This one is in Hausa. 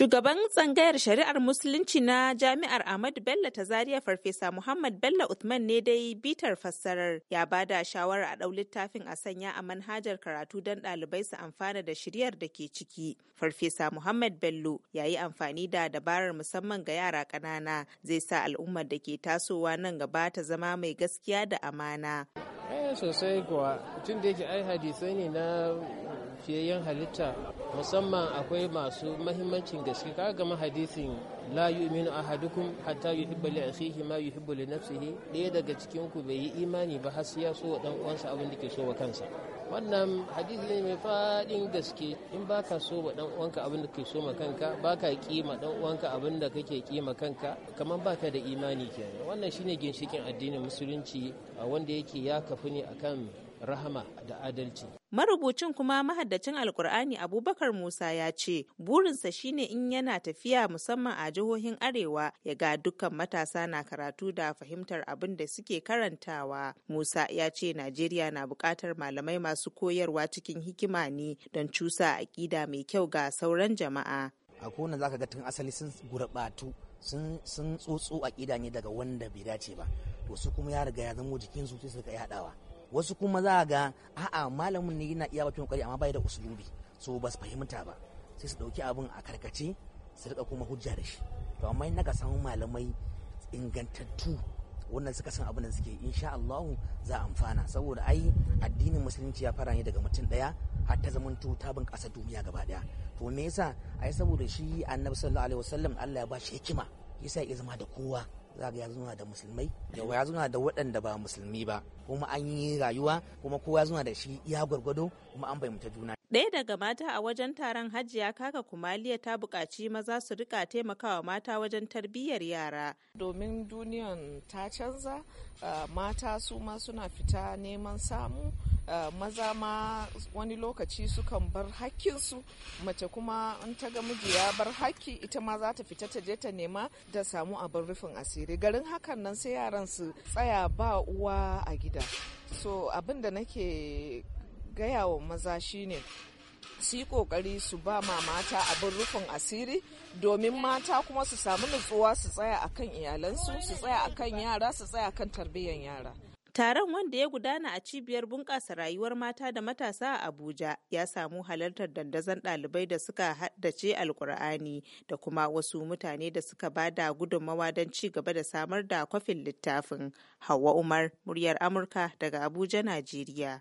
Shugaban tsangayar shari'ar Musulunci na Jami'ar Ahmadu Bello ta Zaria Farfesa Muhammad Bello Uthman ne dai bitar fassarar ya bada shawara a ɗau littafin a sanya a manhajar karatu don ɗalibai su amfana da shiryar da ke ciki. Farfesa Muhammad Bello ya yi amfani da dabarar musamman ga yara ƙanana zai sa al'ummar da ke tasowa nan gaba ta zama mai gaskiya da amana. Eh, sosai kuwa tun da yake ai hadisai ne na fiyayyen halitta musamman akwai masu mahimmancin gaske ka gama hadisin la yu'minu ahadukum hatta yuhibba li akhihi ma yuhibbu li nafsihi daya daga cikin ku bai yi imani ba har sai ya so dan uwansa abin da ke so wa kansa wannan hadisi ne mai fadin gaske in ba ka so wa dan uwanka abin da ke so ma kanka ba kima dan uwanka abin da kake kima kanka kamar baka da imani kenan wannan shine ginshikin addinin musulunci wanda yake ya kafu ne akan rahama da adalci. Marubucin kuma mahaddacin Alkur'ani Abubakar Musa ya ce burinsa shine in yana tafiya musamman a jihohin Arewa ya ga dukkan matasa na karatu da fahimtar abin da suke karantawa. Musa ya ce Najeriya na bukatar malamai masu koyarwa cikin hikima ne don cusa aƙida mai kyau ga sauran jama'a. A za zaka ga tun asali sun gurɓatu sun tsotso aƙida ne daga wanda bai dace ba. To su kuma ya riga ya zamo jikinsu sai suka yaɗawa. wasu kuma za ga a'a malamin ne yana iya bakin kwari amma bai da usulubi so ba su fahimta ba sai su dauki abin a karkace su rika kuma hujja da shi to amma in naka samu malamai ingantattu wannan suka san abin da suke insha Allah za a amfana saboda ai addinin musulunci ya fara ne daga mutum daya har ta zamanto ta bunƙasa duniya gaba daya to me yasa ai saboda shi annabi sallallahu alaihi wasallam Allah ya ba shi hikima yasa ya zama da kowa za ga ya zuna da musulmai yawa ya zuna da waɗanda ba musulmi ba kuma an yi rayuwa kuma kowa zuna da shi ya gwargwado kuma an fahimta juna Ɗaya daga mata a wajen taron hajjiya kaka kumaliya ta bukaci maza su rika taimakawa mata wajen tarbiyyar yara. Domin duniyan ta canza, eh, mata su ma suna fita neman samu, eh, maza ma wani lokaci sukan bar hakkinsu, mace kuma in ta ga miji ya bar hakki ita ma za ta fita ta je ta nema da samu abin rufin asiri. Garin hakan nan sai yaran su tsaya ba uwa a gida. So abin da nake gaya wa maza shine su yi kokari su ba ma mata abin rufin asiri domin mata kuma su samu nutsuwa su tsaya akan iyalansu su tsaya akan yara su tsaya akan tarbiyyar yara Taron wanda ya gudana a cibiyar bunƙasa rayuwar mata da matasa a Abuja ya samu halartar dandazon ɗalibai da suka haddace alkur'ani da kuma wasu mutane da suka ba da gudunmawa don ci gaba da samar da kwafin littafin. hawa Umar, muryar Amurka daga Abuja, Najeriya.